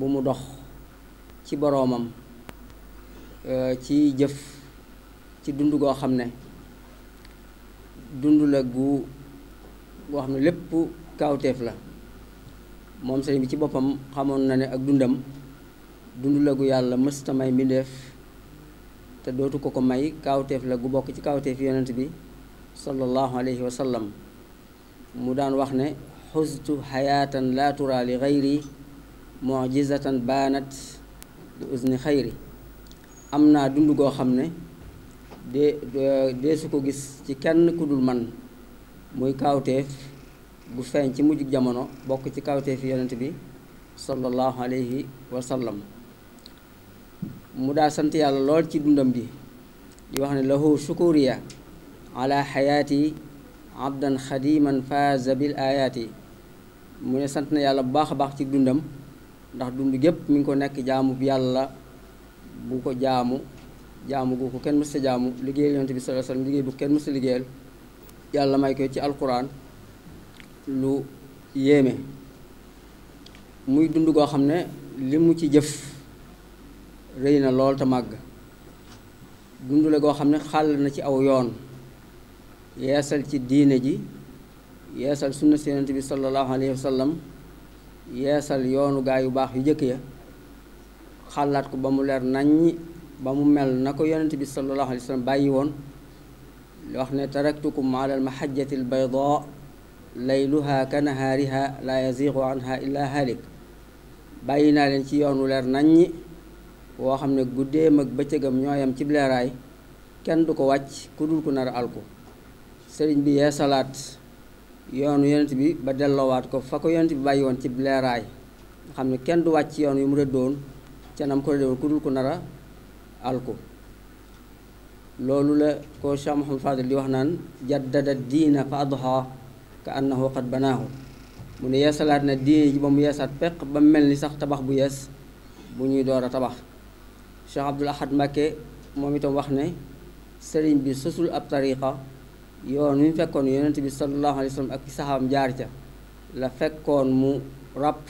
bu mu dox ci boroomam euh, ci jëf ci dund goo xam ne dund la gu goo xam ne lépp kawteef la moom sëriñ bi ci boppam xamoon na ne ak dundam dund la gu yàlla mësta may mbindeef te dootu ko ko may kawteef la gu bokk ci kawteef yonent bi sallallahu alayhi wa mu daan wax ne xustu xayaatan laa turaa mujizatan baanat di usni xayri am naa dund goo xam ne de deesu ko gis ci kenn ku dul man muy kawteef gu feeñ ci mujj jamono bokk ci kawteefi yonent bi sallallahu alayhi wa mu daa sant yàlla lool ci dundam bi di wax ne lahu shukuriya ala xayaati abdan xadiman faaza ayaati mu ne sant na yàlla bu baax a baax ci dundam ndax dund gépp mi ngi ko nekk jaamu bi yàlla bu ko jaamu jaamu gu ko kenn mës jaamu liggéeyal bi sallallahu alayhi wasallam liggéey bu kenn mës sa liggéeyal yàlla may koy ci alquran lu yéeme muy dund goo xam ne li mu ci jëf rëy na lool te màgg dund la goo xam ne xàll na ci aw yoon yeesal ci diine ji yeesal sunna si yonent bi sallallahu alayhi wasallam yeesal yoonu gaa yu baax yu jëkk ya xalaat ko ba mu leer naññi ba mu mel na ko yonent bi sallallahu alayhi wa bàyyi woon li wax ne taraktukum ma mahajjati albayda layluha ka la yaziqu anha illa halik bàyyi naa leen ci yoon wu leer naññi woo xam ne guddeem ak bëccëgam ñooyam ci leeraay kenn du ko wàcc ku dul ku nar alku sëriñ bi yeesalaat yoonu yonent bi ba delloowaat ko fa ko yonent bi bàyyi woon ci leeraay xam ne kenn du wàcc ci yoon yu mu rëddoon ca nam ko rëddoon ku dul ko nara alku loolu la ko Cheikh Mouhamed Fadil di wax naan jaddada diina fa adha ka annahu qad banaahu mu ne yeesalaat na diine ji ba mu yeesaat peq ba mel ni sax tabax bu yees bu ñuy door tabax Cheikh Abdul Ahad Mbacké moom itam wax ne sëriñ bi sosul ab tariqa yoon wi fekkoon yonent bi sallallahu alayhi wa sallam ak saxaam jaar ca la fekkoon mu ràpp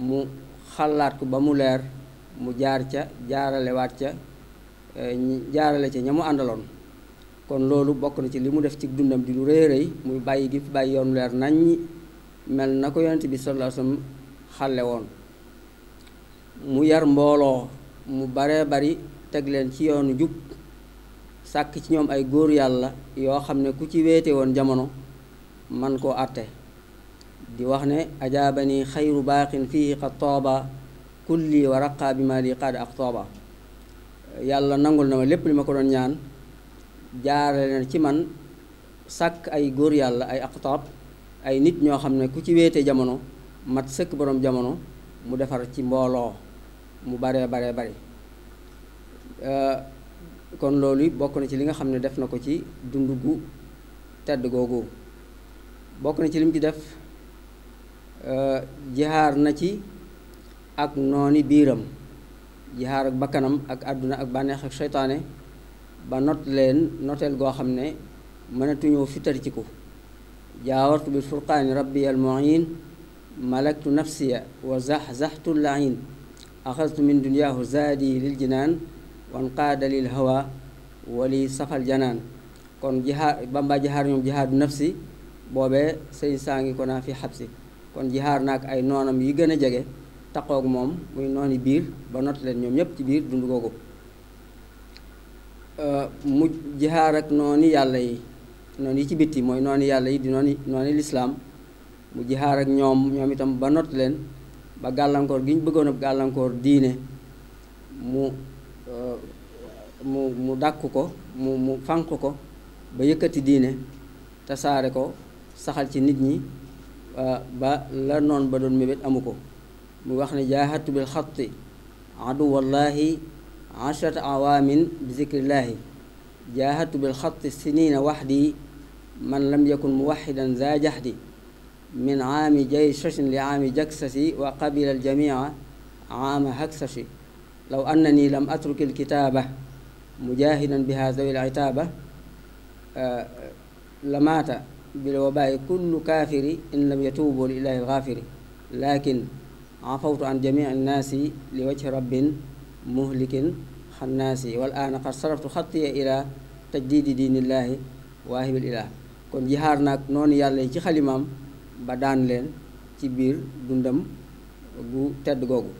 mu xalaat ko ba mu leer mu jaar ca jaarale waat ca eh, jaarale ca ña mu àndaloon kon loolu bokk na ci li mu def ci dundam di lu rëy rëy muy bàyyi gi fi bàyyi yoon leer naññi mel na ko yonent bi sallallahu alayhi wa xale woon mu yar mbooloo mu baree bari teg leen ci yoonu jub sàkk ci ñoom ay góor yàlla yoo xam ne ku ci wéete woon jamono man koo àtte di wax ne ajaabani xayru baaxin fii xat tooba kulli wa raqaa bi ma li xaadi ak tooba yàlla nangul na lépp li ma ko doon ñaan jaarale na ci man sàkk ay góor yàlla ay aqtaab ay nit ñoo xam ne ku ci wéete jamono mat sëkk boroom jamono mu defar ci mbooloo mu baree baree bari kon loolu bokk na ci li nga xam ne def na ko ci dund gu tedd googu bokk na ci lim ci def euh, jihaar na ci ak nooni biiram jihaar ak bakkanam ak àdduna ak bànneex ak seytaane ba not leen noteel goo xam ne mënatuñoo fitar ci ko jaawartu bil furqaani rabbi al muin malaktu nafsiya wa zaxzaxtu laayin axastu min duniyaahu zaadi lil jinaan wan qaada lil hawa wali safal janaan kon jihaar bamba jihaar ñoom jihaadu nafsi boobee sëñ saa ngi ko naa fi xabsi kon jihaar naak ay noonam yi gën a jege taqook moom muy nooni biir ba not leen ñoom ñëpp ci biir dund ko euh, mu jihaar ak nooni yàlla yi noon yi ci bitti mooy nooni yàlla yi di nooni nooni lislaam mu jihaar ak ñoom ñoom itam ba not leen ba gàllankoor gi ñu bëggoon gàllankoor diine mu Euh, mu mu dàkk ko mu mu ko ba yëkkati diine tasaare ko saxal ci nit ñi euh, ba la noon ba doon mébét amu ko mu wax ne jaahatu bil xatti adu wallahi ashrata awaamin bi zikrillaahi jaahatu bil xatti sinina waxdi man lam yakun muwaxidan za jahdi min aami jaysasin li jaksasi wa qabila aljamia aama haksashi law annani lam atruki alkitaaba mujahidan biha zawil itaaba la maata bil wabaayi kullu kaafiri in lam yatuubu lillahi alxaafiri lakin afawtu an jamii annaasi li wajhi rabbin muhlikin xannaasi wal aana qad saraftu xattiya ila tajdiidi diinillaahi waahibil ilaah kon jihaar nag noonu yàlla yi ci xalimaam ba daan leen ci biir dundam gu tedd googu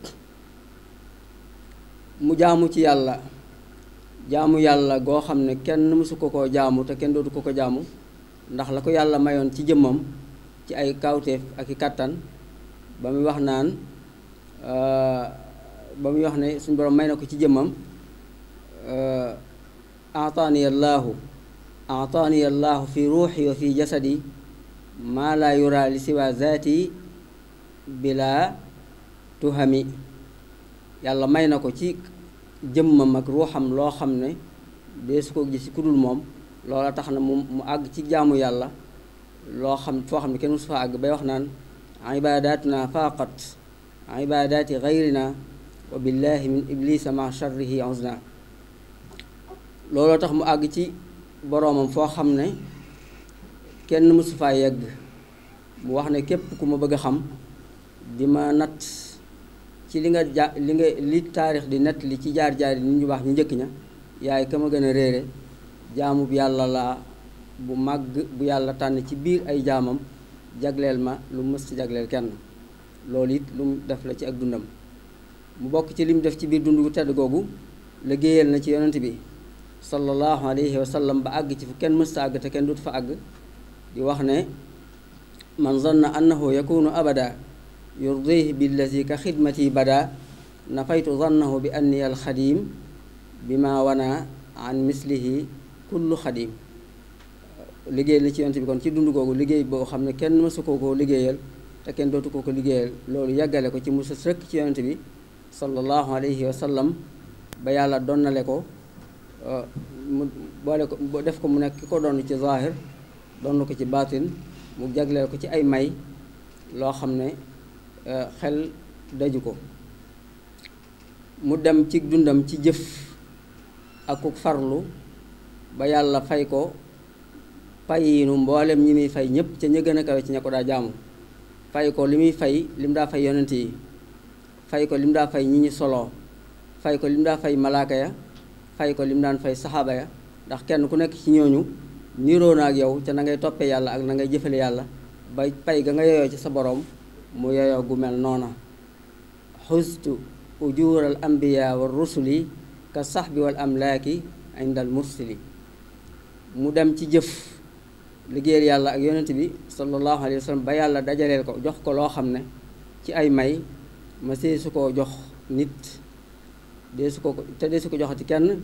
mu jaamu ci yàlla jaamu yàlla goo xam ne kenn mësu ko koo jaamu te kenn dootu ko ko jaamu ndax la ko yàlla mayoon ci jëmmam ci ay kawteef ak i kàttan ba muy wax naan euh, ba muy wax ne suñ borom may na ko ci jëmmam euh, ataani allaahu ataani allaahu fi ruuxi wa fi jasadi maa laa yuraa li zaati bila tuhami yàlla may na ko ci jëmmam ak ruuxam loo xam ne dee su ko gis ku dul moom loola tax na mu mu àgg ci jaamu yàlla loo xam foo xam ne kenn musu fa àgg bay wax naan ibadatina faqat ibadati gayrina wa billahi min iblisa ma charrihi uzna looloo tax mu àgg ci boroomam foo xam ne kenn musu yegg mu wax ne képp ku ma bëgg a xam di ma natt ci li nga ja li nga li taarix di nett li ci jaar-jaar yi ñu wax ñu njëkk ña yaay kam ma gën a réer jaamub yàlla la bu màgg bu yàlla tànn ci biir ay jaamam jagleel ma lu mës ci jagleel kenn loolu it lu def la ci ak dundam mu bokk ci lim def ci biir dund gu tedd googu liggéeyal na ci yonent bi sallallahu alayhi wa ba àgg ci fu kenn mës ta àgg te kenn dut fa àgg di wax ne man zanna annahu abada yurdihi billati ka xidmati bada nafaytu zannahu bi anni alxadim bima wana an mislihi kullu xadim liggéeyal ni ci yonent bi kon ci dund googu liggéey boo xam ne kenn mësu ko liggéeyal te kenn dootu ko ko liggéeyal loolu yàggale ko ci musa rëkk ci yonent bi sallallahu alayhi wa sallam ba yàlla donnale ko mu def ko mu nekk ki ko donn ci zahir donn ko ci baatin mu jagleel ko ci ay may loo xam ne xel daju ko mu dem ci dundam ci jëf ak ku farlu ba yàlla fay ko payiinu mboolem ñi muy fay ñëpp ca ña gën a kawe ci ña ko daa jaamu fay ko li muy fay lim daa fay yonent yi fay ko mu daa fay ñi ñu soloo fay ko lim daa fay malaaka ya fay ko mu daan fay saxaaba ya ndax kenn ku nekk ci ñooñu niroo na ak yow ca na ngay toppee yàlla ak na ngay jëfale yàlla ba pay ga nga yeyoo ci sa boroom mu yeyoo gu mel noona xustu ujuural ambiya wa rusuli ka saxbi wal amlaaki indal mursili mu dem ci jëf liggéey yàlla ak yonent bi sallallahu alayhi wa ba yàlla dajaleel ko jox ko loo xam ne ci ay may ma see su koo jox nit dee su ko te de su ko joxati kenn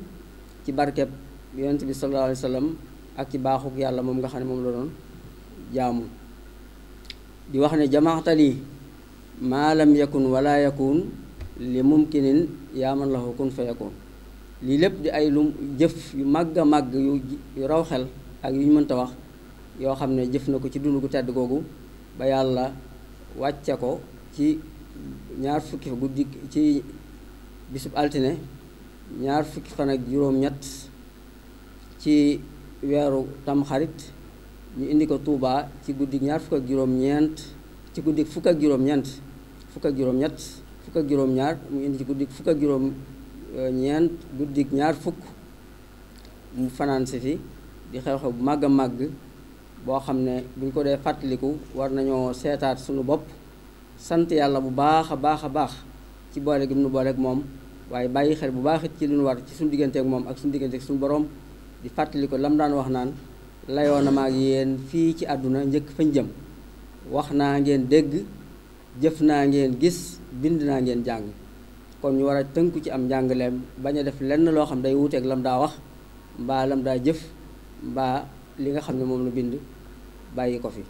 ci barkeb yonent bi sallallahu alayhi wa ak ci baaxuk yàlla moom nga xam ne moom la doon jaamu di wax ne jamaatalii maa lam yakun wala yakun li mumkinin yaa man lahu kun fa yakun lii lépp di ay lu jëf yu màgg a màgg yu raw xel ak yu ñu mënta wax yoo xam ne jëf na ko ci dund gu tedd googu ba yàlla wàcce ko ci ñaar fukki fa guddi ci bisub altine ñaar fukki fan ak juróom-ñett ci weeru tamxarit ñu indi ko Touba ci guddi ñaar fukk ak juróom-ñeent ci guddi fukk ak juróom-ñeent fukk ak juróom-ñett fukk ak indi ci guddi fukk ak juróom-ñeent guddi ñaar fukk mu fanaan si fi di xew-xew bu màgg a màgg boo xam ne buñ ko dee fàttaliku war nañoo seetaat sunu bopp sant yàlla bu baax a baax a baax ci boole gi mu nu ak moom waaye bàyyi xel bu baax it ci lu ñu war ci suñu digganteek ak ak suñu digganteek suñu borom di fàttali ko lam daan wax naan layoon na ma ak yéen fii ci àdduna njëkk fañ jëm wax naa ngeen dégg jëf naa ngeen gis bind naa ngeen jàng kon ñu war a tënku ci am njàngaleem bañ a def lenn loo xam day wuuteeg lam daa wax mbaa lam daa jëf mbaa li nga xam ne moom la bind bàyyi ko fi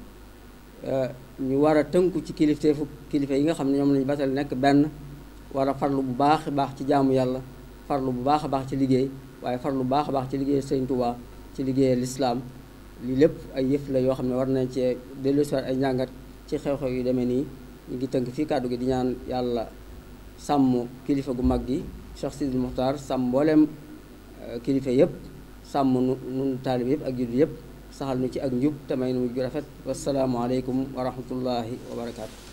euh, ñu war a tënku ci kilifteefu kilifa yi nga xam ne ñoom lañu batal nekk benn war a farlu bu baax baax ci jaamu yàlla farlu bu baax a baax ci liggéey waaye farlu bu baax a baax ci liggéey Sëriñ Tuubaa ci liggéey lislaam lii lépp ay yëf la yoo xam ne war nañ cee dellu si ay njàngat ci xew-xew yu demee nii ñu ngi tënk fii kàddu gi di ñaan yàlla sàmm kilifa gu mag gi Cheikh Sidil Muxtaar sàmm mboolem euh, kilifa yëpp sàmm nu nu taalib yëpp ak juddu yëpp saxal nu ci ak njub te may nu mujj rafet wasalaamualeykum wa rahmatullahi wa